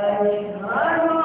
Thank you.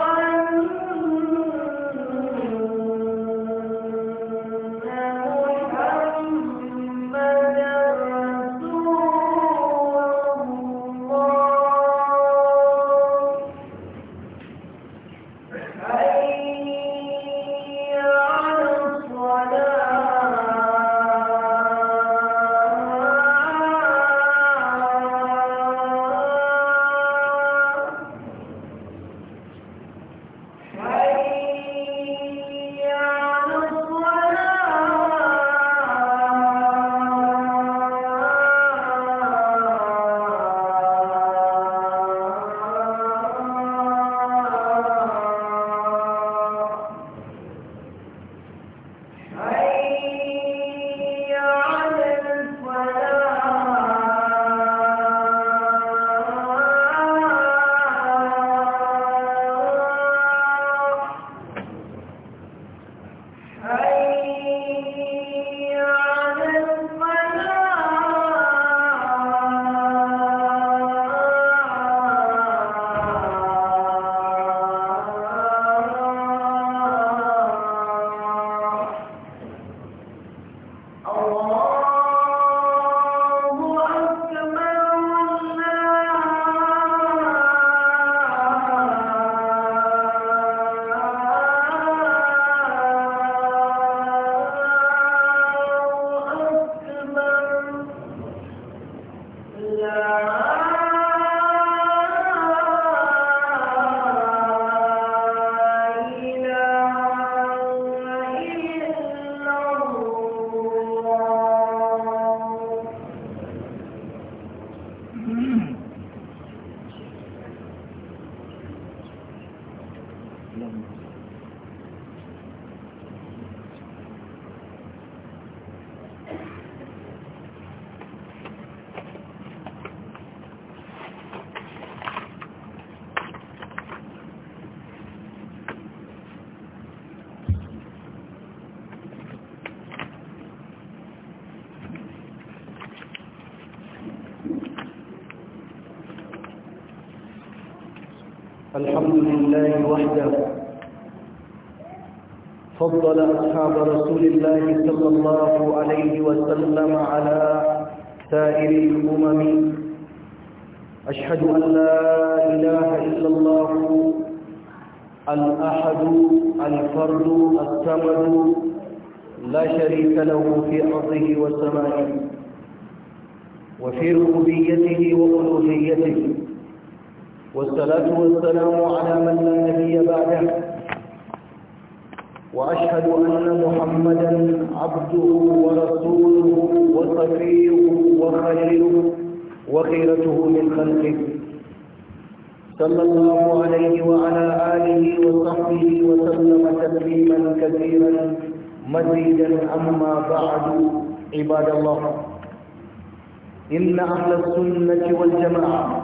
الحمد لله وحده فضل أصحاب رسول الله صلى الله عليه وسلم على سائر الأمم أشهد أن لا إله إلا الله الأحد الفرد الثمن لا شريك له في أرضه وسمائه وفي ربوبيته وألوهيته والصلاة والسلام على من لا نبي بعده وأشهد أن محمدا عبده ورسوله وصفيه وخليله وخيرته من خلقه صلى الله عليه وعلى آله وصحبه وسلم تسليما كثيرا مزيدا أما بعد عباد الله إن أهل السنة والجماعة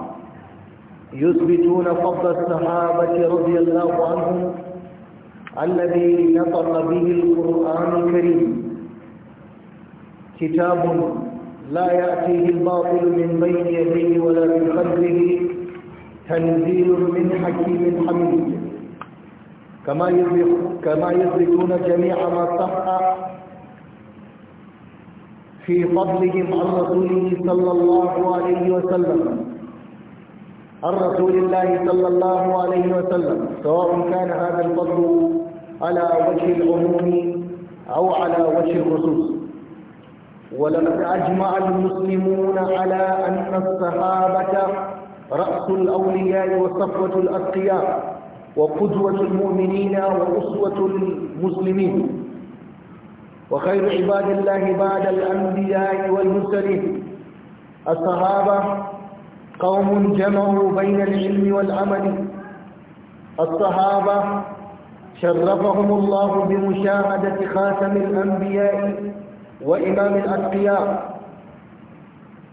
يثبتون فضل الصحابة رضي الله عنهم الذي نطق به القرآن الكريم كتاب لا يأتيه الباطل من بين يديه ولا من خلفه تنزيل من حكيم حميد كما كما يثبتون جميع ما صح في فضلهم عن رسوله صلى الله عليه وسلم عن رسول الله صلى الله عليه وسلم سواء كان هذا الفضل على وجه العموم أو على وجه الخصوص ولقد أجمع المسلمون على أن الصحابة رأس الأولياء وصفوة الأتقياء وقدوة المؤمنين وأسوة المسلمين وخير عباد الله بعد الأنبياء والمرسلين الصحابة قوم جمعوا بين العلم والعمل الصحابة شرفهم الله بمشاهدة خاتم الأنبياء وإمام الأتقياء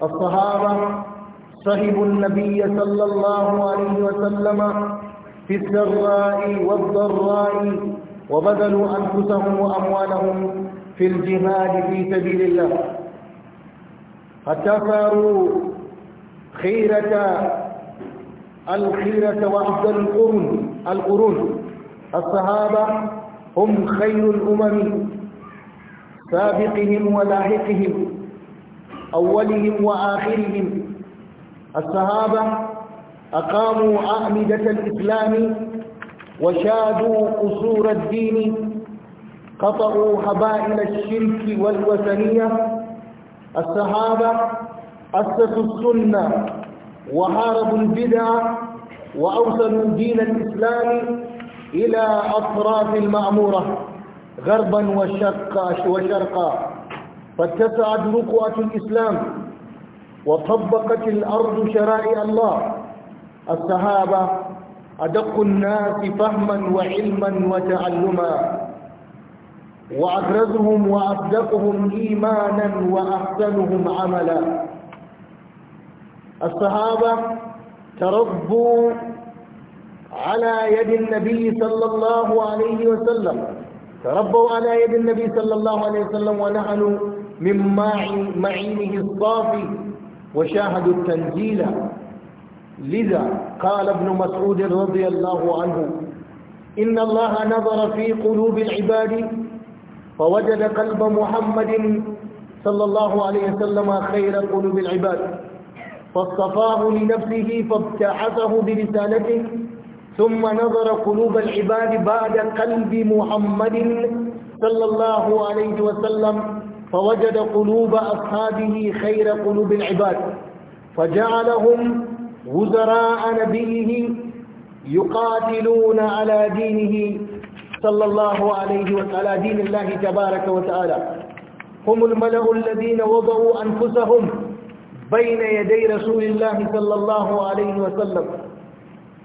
الصحابة صحبوا النبي صلى الله عليه وسلم في السراء والضراء وبذلوا أنفسهم وأموالهم في الجهاد في سبيل الله حتى صاروا خيرة الخيرة وعبد القرون القرون الصحابة هم خير الأمم سابقهم ولاحقهم أولهم وآخرهم الصحابة أقاموا أعمدة الإسلام وشادوا قصور الدين قطعوا حبائل الشرك والوثنية الصحابة أسسوا السنة وحاربوا البدع وأوصلوا دين الإسلام إلى أطراف المأمورة غربا وشرقا وشرقا فاتسعت رقعة الإسلام وطبقت الأرض شرائع الله الصحابة أدق الناس فهما وعلما وتعلما وأبرزهم وأصدقهم إيمانا وأحسنهم عملا الصحابة تربوا على يد النبي صلى الله عليه وسلم تربوا على يد النبي صلى الله عليه وسلم ونحن من معينه الصافي وشاهدوا التنزيل لذا قال ابن مسعود رضي الله عنه إن الله نظر في قلوب العباد فوجد قلب محمد صلى الله عليه وسلم خير قلوب العباد فاصطفاه لنفسه فابتعثه برسالته ثم نظر قلوب العباد بعد قلب محمد صلى الله عليه وسلم فوجد قلوب أصحابه خير قلوب العباد فجعلهم وزراء نبيه يقاتلون على دينه صلى الله عليه وعلى دين الله تبارك وتعالى هم الملأ الذين وضعوا أنفسهم بين يدي رسول الله صلى الله عليه وسلم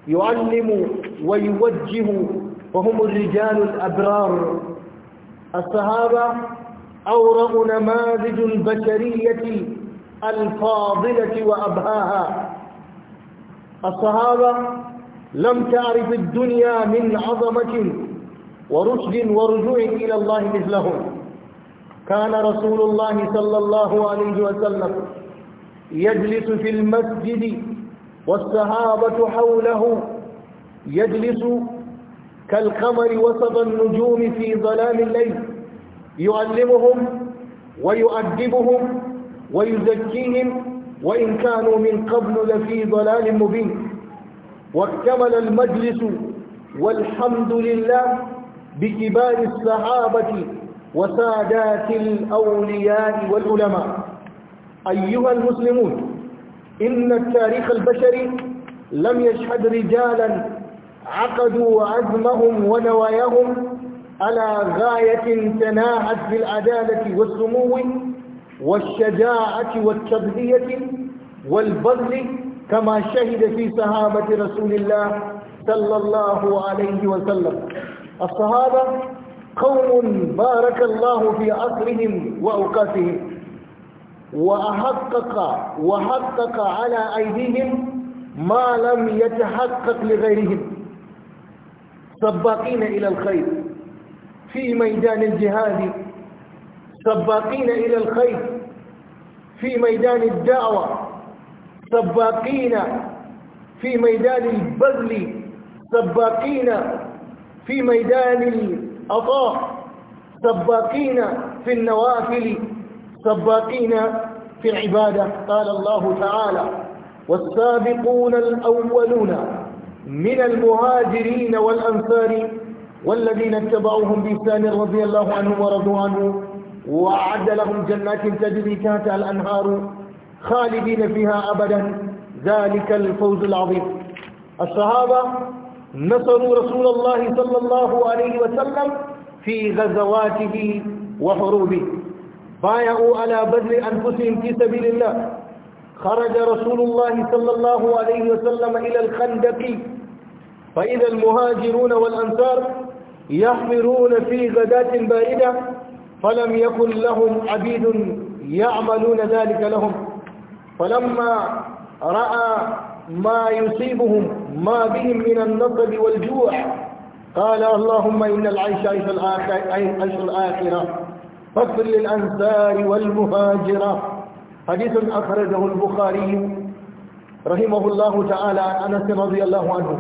يعلم ويوجه وهم الرجال الأبرار الصحابة أورأ نماذج البشرية الفاضلة وأبهاها الصحابة لم تعرف الدنيا من عظمة ورشد ورجوع إلى الله مثلهم كان رسول الله صلى الله عليه وسلم يجلس في المسجد والصحابة حوله يجلس كالقمر وسط النجوم في ظلام الليل يعلمهم ويؤدبهم ويزكيهم وإن كانوا من قبل لفي ضلال مبين واكتمل المجلس والحمد لله بكبار الصحابة وسادات الأولياء والعلماء أيها المسلمون إن التاريخ البشري لم يشهد رجالا عقدوا عزمهم ونواياهم على غاية تناهت بالعدالة والسمو والشجاعة والتبذية والبذل كما شهد في صحابة رسول الله صلى الله عليه وسلم الصحابة قوم بارك الله في عصرهم وأوقاتهم وحقق وحقق على أيديهم ما لم يتحقق لغيرهم سباقين إلى الخير في ميدان الجهاد سباقين إلى الخير في ميدان الدعوة سباقين في ميدان البذل سباقين في ميدان العطاء سباقين في النوافل سباقين في العبادة قال الله تعالى والسابقون الأولون من المهاجرين والأنصار والذين اتبعوهم بإحسان رضي الله عنهم ورضوا عنه وأعد لهم جنات تجري تحتها الأنهار خالدين فيها أبدا ذلك الفوز العظيم الصحابة نصروا رسول الله صلى الله عليه وسلم في غزواته وحروبه بايعوا على بذل أنفسهم في سبيل الله خرج رسول الله صلى الله عليه وسلم إلى الخندق فإذا المهاجرون والأنصار يحمرون في غداة باردة فلم يكن لهم عبيد يعملون ذلك لهم فلما رأى ما يصيبهم ما بهم من النصب والجوع قال اللهم إن العيش عيش الآخرة فكر الأنصار والمهاجرة حديث أخرجه البخاري رحمه الله تعالى عن أنس رضي الله عنه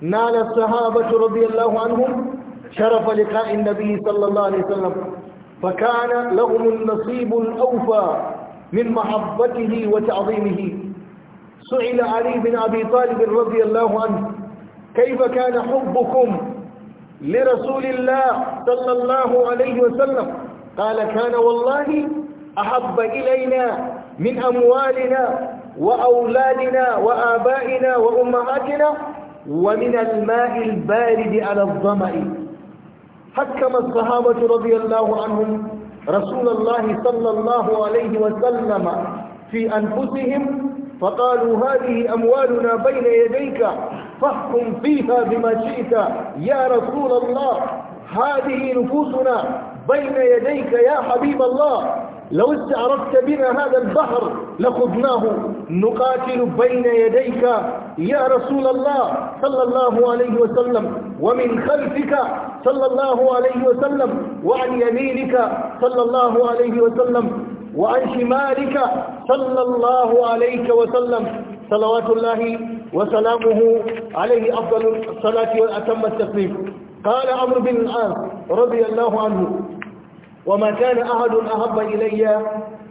نال الصحابة رضي الله عنهم شرف لقاء النبي صلى الله عليه وسلم فكان لهم النصيب الأوفى من محبته وتعظيمه سئل علي بن أبي طالب رضي الله عنه كيف كان حبكم لرسول الله صلى الله عليه وسلم قال كان والله أحب إلينا من أموالنا وأولادنا وآبائنا وأمهاتنا ومن الماء البارد على الظمأ حكم الصحابة رضي الله عنهم رسول الله صلى الله عليه وسلم في أنفسهم فقالوا هذه أموالنا بين يديك فاحكم فيها بما شئت يا رسول الله هذه نفوسنا بين يديك يا حبيب الله لو استعرضت بنا هذا البحر لخضناه نقاتل بين يديك يا رسول الله صلى الله عليه وسلم ومن خلفك صلى الله عليه وسلم وعن يمينك صلى الله عليه وسلم وعن شمالك صلى الله عليك وسلم صلوات الله وسلامه عليه أفضل الصلاة وأتم التسليم قال عمرو بن العاص رضي الله عنه وما كان أحد أحب إلي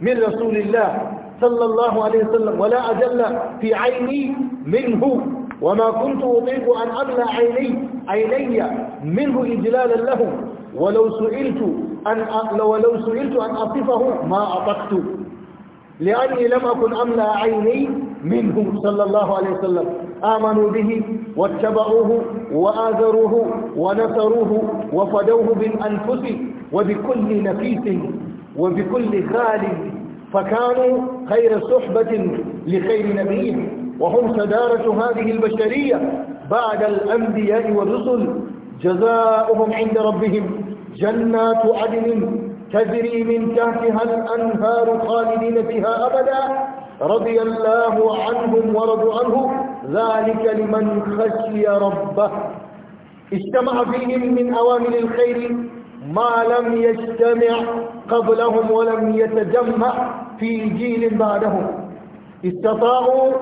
من رسول الله صلى الله عليه وسلم ولا أجل في عيني منه وما كنت أطيق أن أبلى عيني عيني منه إجلالا له ولو سئلت أن ولو سئلت أن أصفه ما أطقت لأني لم أكن أملى عيني منه صلى الله عليه وسلم آمنوا به واتبعوه وآذروه ونصروه وفدوه بالأنفس وبكل نفيس وبكل خال فكانوا خير صحبة لخير نبيهم وهم سدارة هذه البشرية بعد الأنبياء والرسل جزاؤهم عند ربهم جنات عدن تجري من تحتها الأنهار خالدين فيها أبدا رضي الله عنهم ورضوا عنه ذلك لمن خشي ربه اجتمع فيهم من أوامر الخير ما لم يجتمع قبلهم ولم يتجمع في جيل بعدهم استطاعوا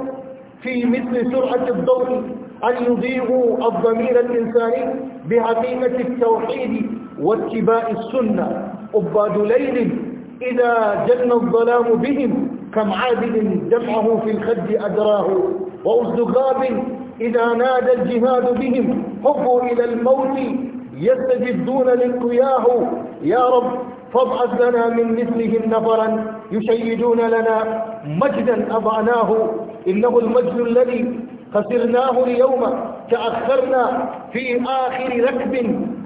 في مثل سرعة الضوء أن يضيئوا الضمير الإنساني بعقيمة التوحيد واتباع السنة عباد ليل إذا جن الظلام بهم كم عابد دمعه في الخد أدراه وأصدقاب إذا نادى الجهاد بهم هبوا إلى الموت يستجدون لك يا رب فابعث لنا من مثلهم نفرا يشيدون لنا مجدا أضعناه إنه المجد الذي خسرناه اليوم تأخرنا في آخر ركب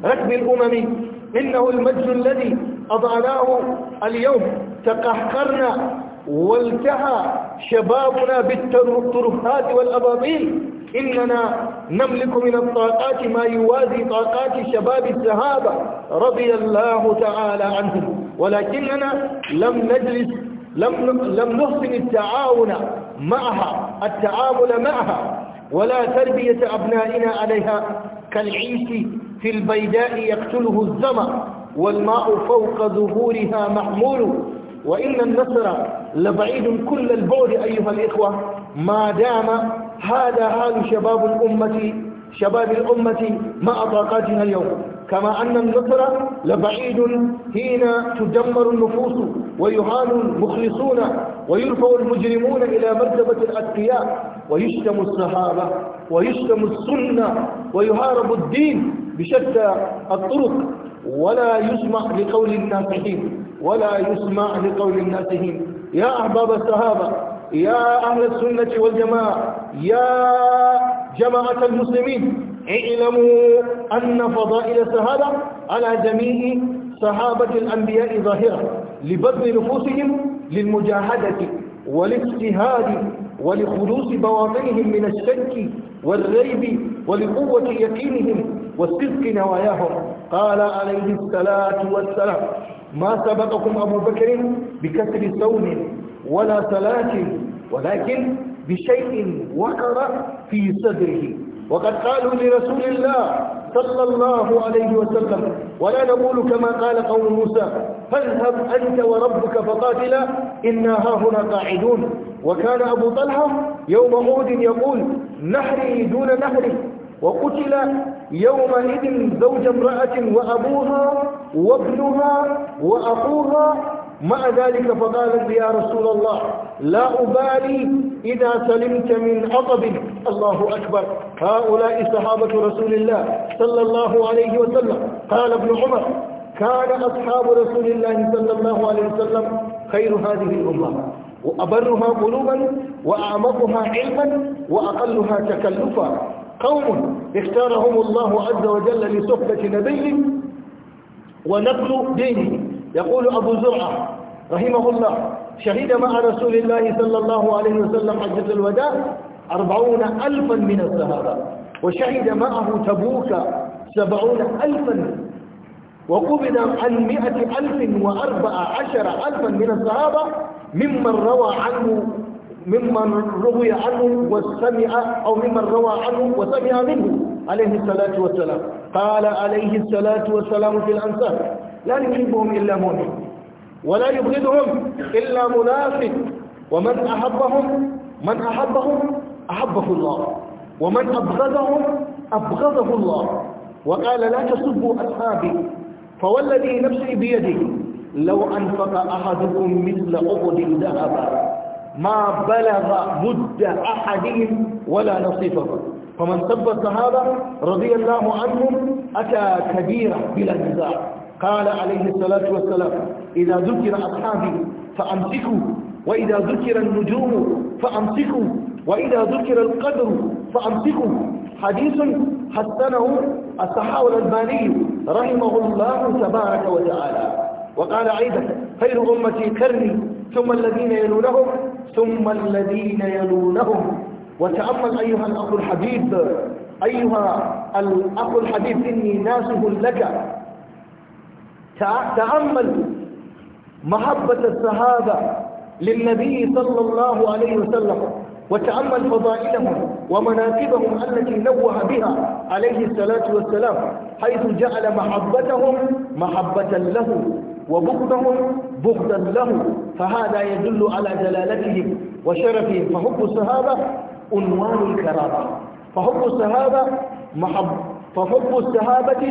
ركب الأمم إنه المجد الذي أضعناه اليوم تقهقرنا والتهى شبابنا بالترهات والأبابيل إننا نملك من الطاقات ما يوازي طاقات شباب الصحابة رضي الله تعالى عنهم ولكننا لم نجلس لم لم نحسن التعاون معها التعامل معها ولا تربية أبنائنا عليها كالعيش في البيداء يقتله الزمر والماء فوق ظهورها محمول وإن النصر لبعيد كل البعد أيها الإخوة ما دام هذا حال شباب الأمة شباب الأمة مع طاقاتنا اليوم كما أن النصر لبعيد حين تدمر النفوس ويهان المخلصون ويرفع المجرمون إلى مرتبة الأتقياء ويشتم الصحابة ويشتم السنة ويهارب الدين بشتى الطرق ولا يسمع لقول الناسحين ولا يسمع لقول الناسحين يا أحباب الصحابة يا أهل السنة والجماعة يا جماعة المسلمين اعلموا أن فضائل السهادة على جميع صحابة الأنبياء ظاهرة لبذل نفوسهم للمجاهدة والاجتهاد ولخلوص بواطنهم من الشك والريب ولقوة يقينهم وصدق نواياهم قال عليه الصلاة والسلام ما سبقكم أبو بكر بكسر صوم ولا صلاة ولكن بشيء وقر في صدره وقد قالوا لرسول الله صلى الله عليه وسلم ولا نقول كما قال قوم موسى فاذهب أنت وربك فقاتلا إنا هاهنا قاعدون وكان أبو طلحة يوم عود يقول نحري دون نحري وقتل يومئذ زوج امرأة وأبوها وابنها وأخوها مع ذلك فقالت يا رسول الله لا أبالي إذا سلمت من عطب الله أكبر هؤلاء صحابة رسول الله صلى الله عليه وسلم قال ابن عمر كان أصحاب رسول الله صلى الله عليه وسلم خير هذه الأمة وأبرها قلوبا وأعمقها علما وأقلها تكلفا قوم اختارهم الله عز وجل لصحبة نبيه ونقل دينه يقول أبو زرعة رحمه الله شهد مع رسول الله صلى الله عليه وسلم حجة الوداع أربعون ألفا من الصحابة وشهد معه تبوك سبعون ألفا وقبض عن مئة ألف وأربع عشر ألفا من الصحابة ممن روى عنه ممن روي عنه وسمع أو ممن روى عنه وسمع منه عليه الصلاة والسلام قال عليه الصلاة والسلام في الأنصار لا يحبهم إلا مؤمن ولا يبغضهم إلا منافق ومن أحبهم من أحبهم أحبه الله ومن أبغضهم أبغضه الله وقال لا تسبوا أصحابي فوالذي نفسي بيده لو أنفق أحدكم مثل أحد ذهبا ما بلغ مد أحدهم ولا نصيفه فمن سب الصحابة رضي الله عنهم أتى كبيرا بلا نزاع قال عليه الصلاة والسلام إذا ذكر أصحابي فأمسكوا وإذا ذكر النجوم فأمسكوا وإذا ذكر القدر فأمسكوا حديث حسنه الصحاوي الألباني رحمه الله تبارك وتعالى وقال أيضا خير أمتي كرني ثم الذين يلونهم ثم الذين يلونهم وتأمل أيها الأخ الحبيب أيها الأخ الحبيب إني ناسه لك تأمل محبة الصحابة للنبي صلى الله عليه وسلم وتأمل فضائلهم ومناكبهم التي نوه بها عليه الصلاة والسلام حيث جعل محبتهم محبة له وبغضهم بغضا له فهذا يدل على جلالتهم وشرفهم فحب الصحابة عنوان الكرامة فحب الصحابة محب فحب الصحابة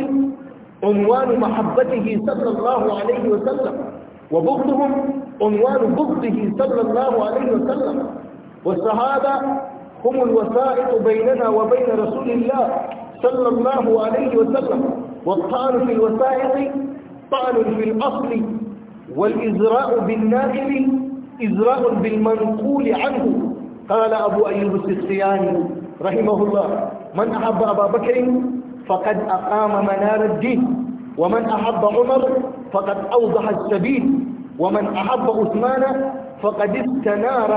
عنوان محبته صلى الله عليه وسلم وبغضهم عنوان بغضه صلى الله عليه وسلم والصحابة هم الوسائط بيننا وبين رسول الله صلى الله عليه وسلم والطعن في الوسائط طعن في الأصل والإزراء بالناقل إزراء بالمنقول عنه قال أبو أيوب السخياني رحمه الله من أحب أبا بكر فقد أقام منار الدين ومن أحب عمر فقد أوضح السبيل ومن أحب عثمان فقد استنار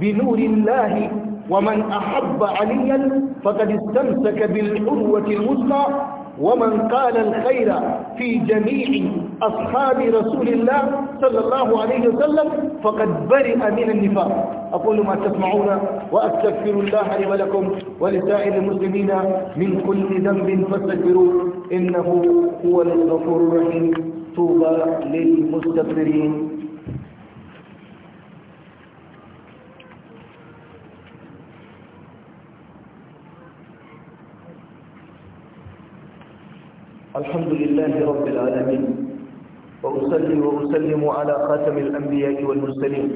بنور الله ومن أحب عليا فقد استمسك بالعروة الوسطى ومن قال الخير في جميع أصحاب رسول الله صلى الله عليه وسلم فقد برئ من النفاق أقول ما تسمعون وأستغفر الله لي ولكم ولسائر المسلمين من كل ذنب فاستغفروه إنه هو الغفور الرحيم طوبى للمستغفرين الحمد لله رب العالمين وأصلي وأسلم على خاتم الأنبياء والمرسلين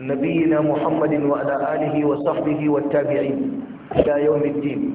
نبينا محمد وعلى آله وصحبه والتابعين إلى يوم الدين